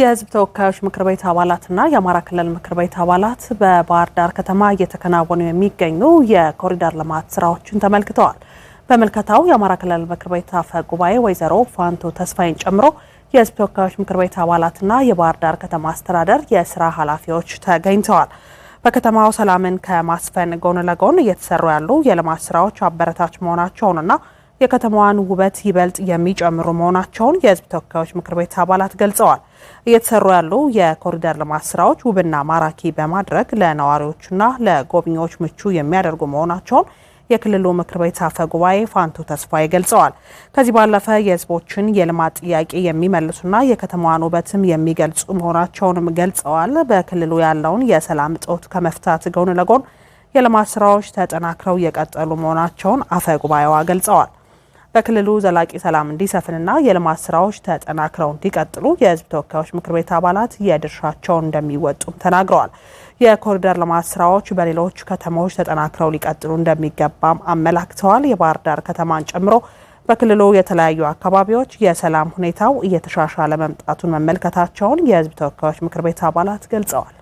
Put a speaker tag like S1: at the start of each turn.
S1: የህዝብ ተወካዮች ምክር ቤት አባላትና የአማራ ክልል ምክር ቤት አባላት በባህር ዳር ከተማ እየተከናወኑ የሚገኙ የኮሪደር ልማት ስራዎችን ተመልክተዋል። በምልከታው የአማራ ክልል ምክር ቤት አፈ ጉባኤ ወይዘሮ ፋንቶ ተስፋይን ጨምሮ የህዝብ ተወካዮች ምክር ቤት አባላትና የባህር ዳር ከተማ አስተዳደር የስራ ኃላፊዎች ተገኝተዋል። በከተማው ሰላምን ከማስፈን ጎን ለጎን እየተሰሩ ያሉ የልማት ስራዎች አበረታች መሆናቸውንና የከተማዋን ውበት ይበልጥ የሚጨምሩ መሆናቸውን የህዝብ ተወካዮች ምክር ቤት አባላት ገልጸዋል። እየተሰሩ ያሉ የኮሪደር ልማት ስራዎች ውብና ማራኪ በማድረግ ለነዋሪዎቹና ለጎብኚዎች ምቹ የሚያደርጉ መሆናቸውን የክልሉ ምክር ቤት አፈ ጉባኤ ፋንቱ ተስፋዬ ገልጸዋል። ከዚህ ባለፈ የህዝቦችን የልማት ጥያቄ የሚመልሱና የከተማዋን ውበትም የሚገልጹ መሆናቸውንም ገልጸዋል። በክልሉ ያለውን የሰላም እጦት ከመፍታት ጎን ለጎን የልማት ስራዎች ተጠናክረው የቀጠሉ መሆናቸውን አፈ ጉባኤዋ ገልጸዋል። በክልሉ ዘላቂ ሰላም እንዲሰፍንና የልማት ስራዎች ተጠናክረው እንዲቀጥሉ የህዝብ ተወካዮች ምክር ቤት አባላት የድርሻቸውን እንደሚወጡም ተናግረዋል። የኮሪደር ልማት ስራዎች በሌሎች ከተሞች ተጠናክረው ሊቀጥሉ እንደሚገባም አመላክተዋል። የባህር ዳር ከተማን ጨምሮ በክልሉ የተለያዩ አካባቢዎች የሰላም ሁኔታው እየተሻሻለ መምጣቱን መመልከታቸውን የህዝብ ተወካዮች ምክር ቤት አባላት ገልጸዋል።